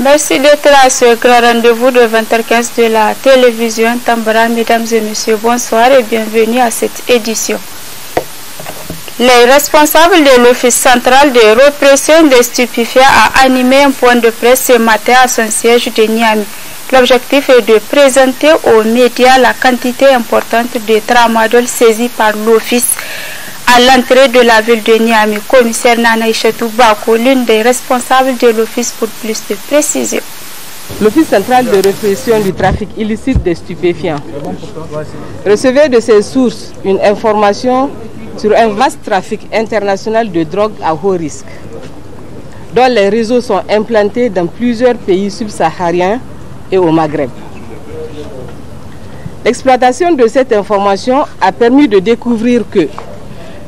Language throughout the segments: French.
Merci d'être à ce grand rendez-vous de 20h15 de la télévision Tambara. Mesdames et messieurs, bonsoir et bienvenue à cette édition. Les responsables de l'Office central de repression des stupéfiants a animé un point de presse ce matin à son siège de Niamey. L'objectif est de présenter aux médias la quantité importante de tramadol saisie par l'Office à l'entrée de la ville de Niamey, commissaire Nana Toubako, l'une des responsables de l'Office pour plus de précision. L'Office central de répression du trafic illicite des stupéfiants recevait de ses sources une information sur un vaste trafic international de drogue à haut risque, dont les réseaux sont implantés dans plusieurs pays subsahariens et au Maghreb. L'exploitation de cette information a permis de découvrir que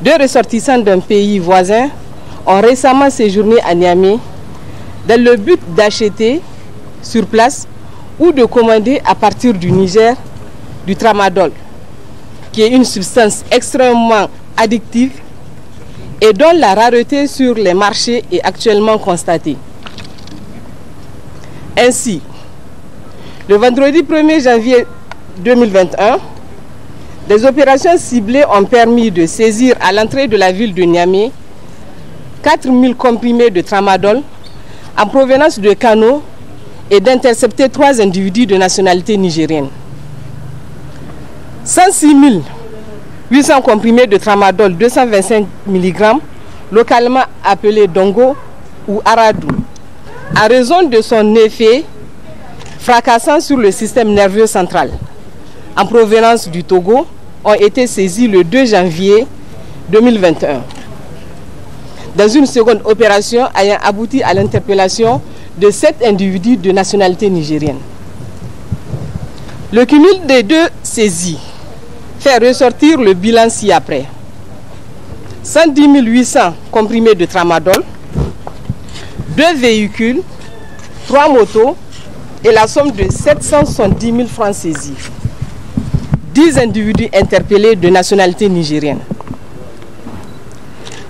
deux ressortissants d'un pays voisin ont récemment séjourné à Niamey dans le but d'acheter sur place ou de commander à partir du Niger du tramadol, qui est une substance extrêmement addictive et dont la rareté sur les marchés est actuellement constatée. Ainsi, le vendredi 1er janvier 2021, des opérations ciblées ont permis de saisir à l'entrée de la ville de Niamey 4000 comprimés de tramadol en provenance de canaux et d'intercepter trois individus de nationalité nigérienne. 106 800 comprimés de tramadol 225 mg, localement appelé dongo ou aradou, à raison de son effet fracassant sur le système nerveux central, en provenance du Togo, ont été saisis le 2 janvier 2021 dans une seconde opération ayant abouti à l'interpellation de sept individus de nationalité nigérienne. Le cumul des deux saisies fait ressortir le bilan ci-après. 110 800 comprimés de tramadol, deux véhicules, trois motos et la somme de 770 000 francs saisis. 10 individus interpellés de nationalité nigérienne.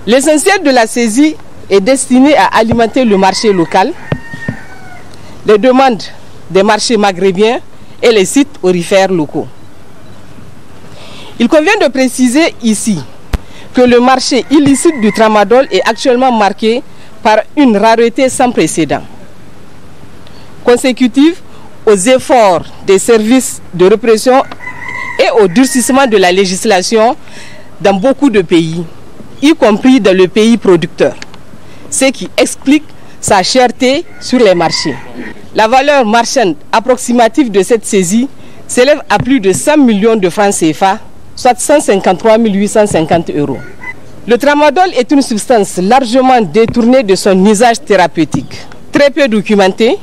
L'essentiel de la saisie est destiné à alimenter le marché local, les demandes des marchés maghrébiens et les sites orifères locaux. Il convient de préciser ici que le marché illicite du tramadol est actuellement marqué par une rareté sans précédent, consécutive aux efforts des services de répression et au durcissement de la législation dans beaucoup de pays, y compris dans le pays producteur, ce qui explique sa cherté sur les marchés. La valeur marchande approximative de cette saisie s'élève à plus de 100 millions de francs CFA, soit 153 850 euros. Le tramadol est une substance largement détournée de son usage thérapeutique, très peu documentée,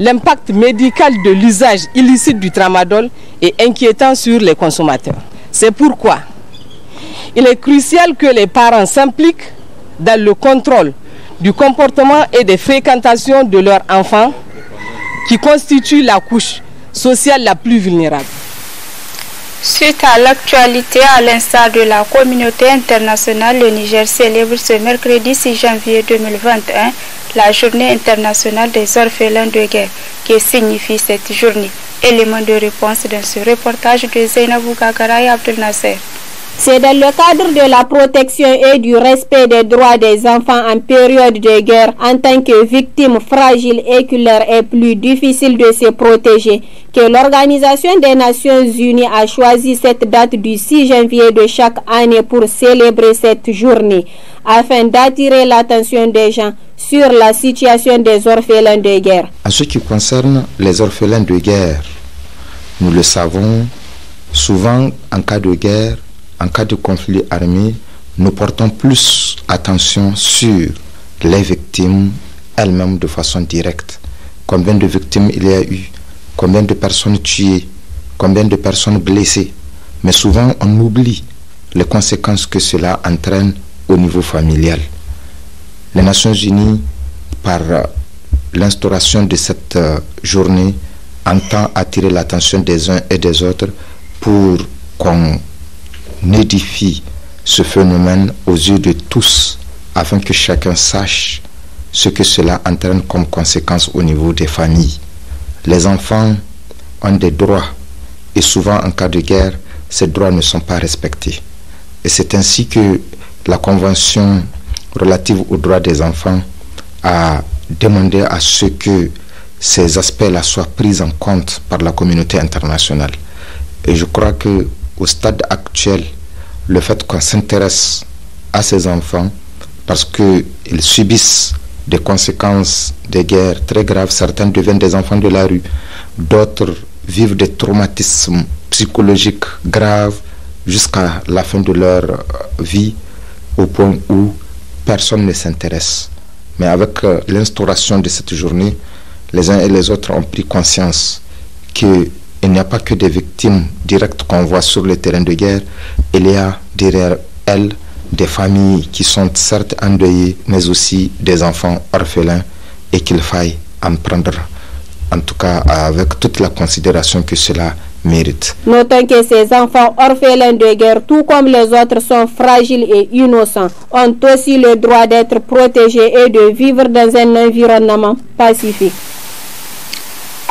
L'impact médical de l'usage illicite du tramadol est inquiétant sur les consommateurs. C'est pourquoi il est crucial que les parents s'impliquent dans le contrôle du comportement et des fréquentations de leurs enfants qui constituent la couche sociale la plus vulnérable. Suite à l'actualité, à l'instar de la communauté internationale, le Niger célèbre ce mercredi 6 janvier 2021 la journée internationale des orphelins de guerre, que signifie cette journée. Élément de réponse dans ce reportage de Zainabou Kakara et Abdel Nasser. C'est dans le cadre de la protection et du respect des droits des enfants en période de guerre en tant que victime fragile et que leur est plus difficile de se protéger que l'Organisation des Nations Unies a choisi cette date du 6 janvier de chaque année pour célébrer cette journée afin d'attirer l'attention des gens sur la situation des orphelins de guerre. En ce qui concerne les orphelins de guerre, nous le savons, souvent en cas de guerre, en cas de conflit armé, nous portons plus attention sur les victimes elles-mêmes de façon directe. Combien de victimes il y a eu Combien de personnes tuées Combien de personnes blessées Mais souvent, on oublie les conséquences que cela entraîne au niveau familial. Les Nations Unies, par l'instauration de cette euh, journée, entend attirer l'attention des uns et des autres pour qu'on n'édifie ce phénomène aux yeux de tous afin que chacun sache ce que cela entraîne comme conséquence au niveau des familles. Les enfants ont des droits et souvent en cas de guerre, ces droits ne sont pas respectés. Et c'est ainsi que la Convention relative aux droits des enfants a demandé à ce que ces aspects-là soient pris en compte par la communauté internationale. Et je crois que au stade actuel, le fait qu'on s'intéresse à ces enfants parce qu'ils subissent des conséquences des guerres très graves. Certains deviennent des enfants de la rue, d'autres vivent des traumatismes psychologiques graves jusqu'à la fin de leur euh, vie, au point où personne ne s'intéresse. Mais avec euh, l'instauration de cette journée, les uns et les autres ont pris conscience que il n'y a pas que des victimes directes qu'on voit sur le terrain de guerre, il y a derrière elles des familles qui sont certes endeuillées, mais aussi des enfants orphelins et qu'il faille en prendre, en tout cas avec toute la considération que cela mérite. Notons que ces enfants orphelins de guerre, tout comme les autres, sont fragiles et innocents, ont aussi le droit d'être protégés et de vivre dans un environnement pacifique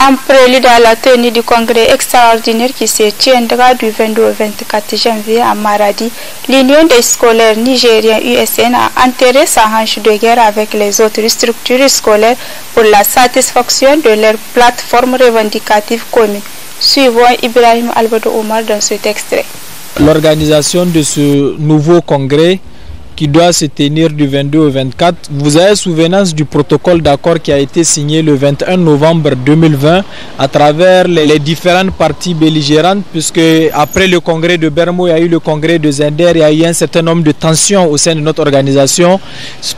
en prélude à la tenue du congrès extraordinaire qui se tiendra du 22 au 24 janvier à Maradi, l'Union des scolaires nigériens USN a enterré sa hanche de guerre avec les autres structures scolaires pour la satisfaction de leur plateforme revendicative commune. Suivant Ibrahim Albado Omar dans ce extrait. L'organisation de ce nouveau congrès qui doit se tenir du 22 au 24. Vous avez souvenance du protocole d'accord qui a été signé le 21 novembre 2020 à travers les, différentes parties belligérantes, puisque après le congrès de Bermo, il y a eu le congrès de Zender, il y a eu un certain nombre de tensions au sein de notre organisation.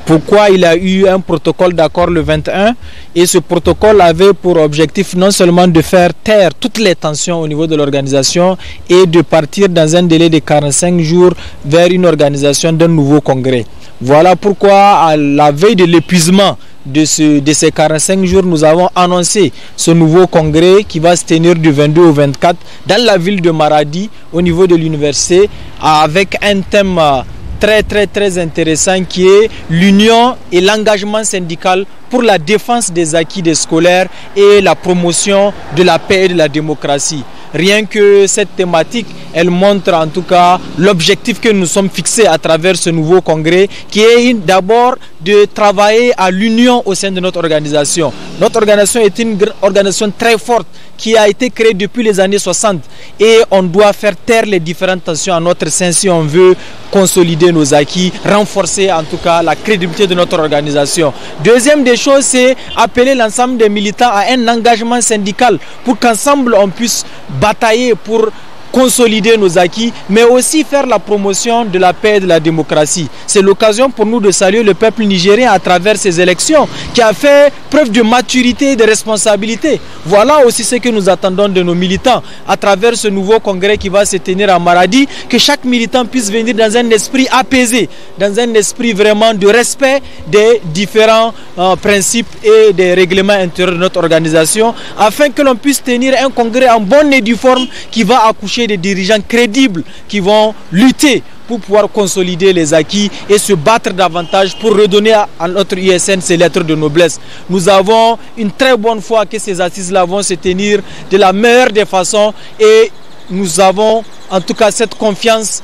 Pourquoi il y a eu un protocole d'accord le 21 et ce protocole avait pour objectif non seulement de faire taire toutes les tensions au niveau de l'organisation et de partir dans un délai de 45 jours vers une organisation d'un nouveau congrès. Voilà pourquoi, à la veille de l'épuisement de, de, ces 45 jours, nous avons annoncé ce nouveau congrès qui va se tenir du 22 au 24 dans la ville de Maradi, au niveau de l'université, avec un thème euh, très très très intéressant qui est l'union et l'engagement syndical pour la défense des acquis des scolaires et la promotion de la paix et de la démocratie. Rien que cette thématique, elle montre en tout cas l'objectif que nous sommes fixés à travers ce nouveau congrès, qui est d'abord de travailler à l'union au sein de notre organisation. Notre organisation est une organisation très forte qui a été créée depuis les années 60 et on doit faire taire les différentes tensions à notre sein si on veut consolider nos acquis, renforcer en tout cas la crédibilité de notre organisation. Deuxième des chose, c'est appeler l'ensemble des militants à un engagement syndical pour qu'ensemble on puisse batailler pour consolider nos acquis, mais aussi faire la promotion de la paix et de la démocratie. C'est l'occasion pour nous de saluer le peuple nigérien à travers ces élections, qui a fait preuve de maturité et de responsabilité. Voilà aussi ce que nous attendons de nos militants, à travers ce nouveau congrès qui va se tenir à Maradi, que chaque militant puisse venir dans un esprit apaisé, dans un esprit vraiment de respect des différents euh, principes et des règlements intérieurs de notre organisation, afin que l'on puisse tenir un congrès en bonne et due forme qui va accoucher des dirigeants crédibles qui vont lutter pour pouvoir consolider les acquis et se battre davantage pour redonner à, notre ISN ses lettres de noblesse. Nous avons une très bonne foi que ces assises-là vont se tenir de la meilleure des façons et nous avons en tout cas cette confiance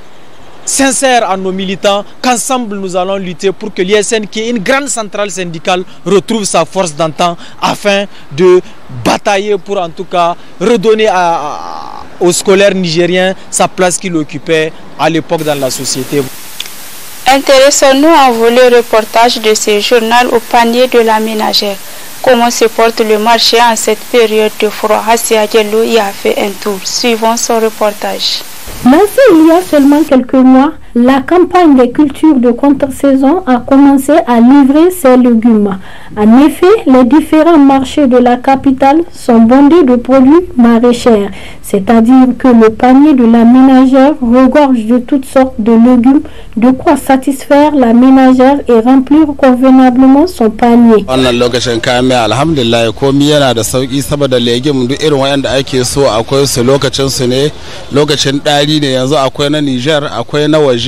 sincère à nos militants qu'ensemble nous allons lutter pour que l'ISN, qui est une grande centrale syndicale, retrouve sa force d'antan afin de batailler pour en tout cas redonner à, aux scolaires nigériens sa place qu'il occupait à l'époque dans la société. Intéressons-nous en volet reportage de ce journal au panier de la ménagère. Comment se porte le marché en cette période de froid Hassia y a fait un tour. Suivons son reportage. Mais il y a seulement quelques mois, la campagne des cultures de contre-saison a commencé à livrer ses légumes. En effet, les différents marchés de la capitale sont bondés de produits maraîchers, c'est-à-dire que le panier de la ménagère regorge de toutes sortes de légumes, de quoi satisfaire la ménagère et remplir convenablement son panier.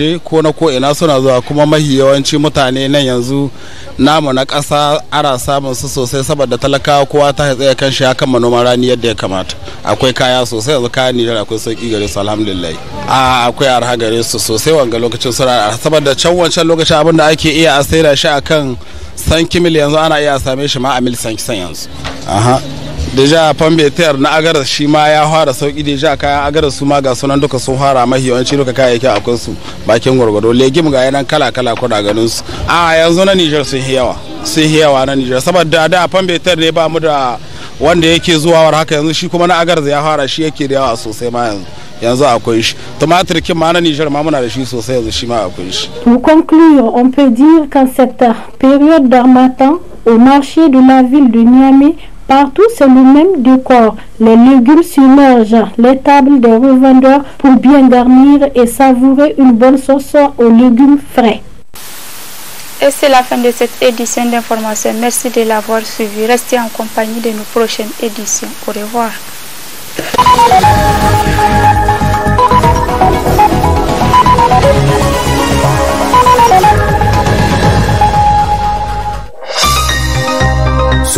waje ko na ko ina suna zuwa kuma mahi yawanci mutane nan yanzu namu na ƙasa ana samun su sosai saboda talakawa kowa ta tsaye kan shi hakan manoman rani yadda ya kamata akwai kaya sosai yanzu kaya nijar akwai sauki gare su alhamdulillah a akwai arha gare su sosai wanga lokacin suna saboda can wancan lokacin abin da ake iya a saida shi akan san kimil yanzu ana iya same shi ma a mil san yanzu ja fambe tayar na agaras shi ma ya fara sauki ja kayan agaras su ma ga sunan duka sun fara mahi yawanci duka kayayyakin akwai su bakin gwargwado legim ga yanan kala kala da ganin su a yanzu na nijar sun yi yawa sun yi yawa na nijar saboda da fambe tayar ne ba mu da wanda yake zuwa war haka yanzu shi kuma na agaras ya fara shi yake da yawa sosai ma yanzu yanzu akwai shi tumatir kin ma na Niger ma muna da shi sosai yanzu shi ma akwai shi to conclure on peut dire qu'en cette période d'armatan au marché de la ville de Niamey Partout, c'est le même décor. Les légumes submergent les tables des revendeurs pour bien garnir et savourer une bonne sauce aux légumes frais. Et c'est la fin de cette édition d'information. Merci de l'avoir suivi. Restez en compagnie de nos prochaines éditions. Au revoir.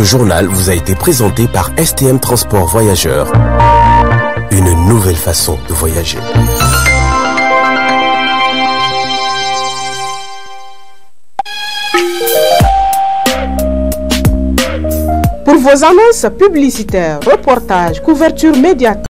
journal vous a été présenté par STM Transport Voyageurs. Une nouvelle façon de voyager. Pour vos annonces publicitaires, reportages, couvertures médiatiques,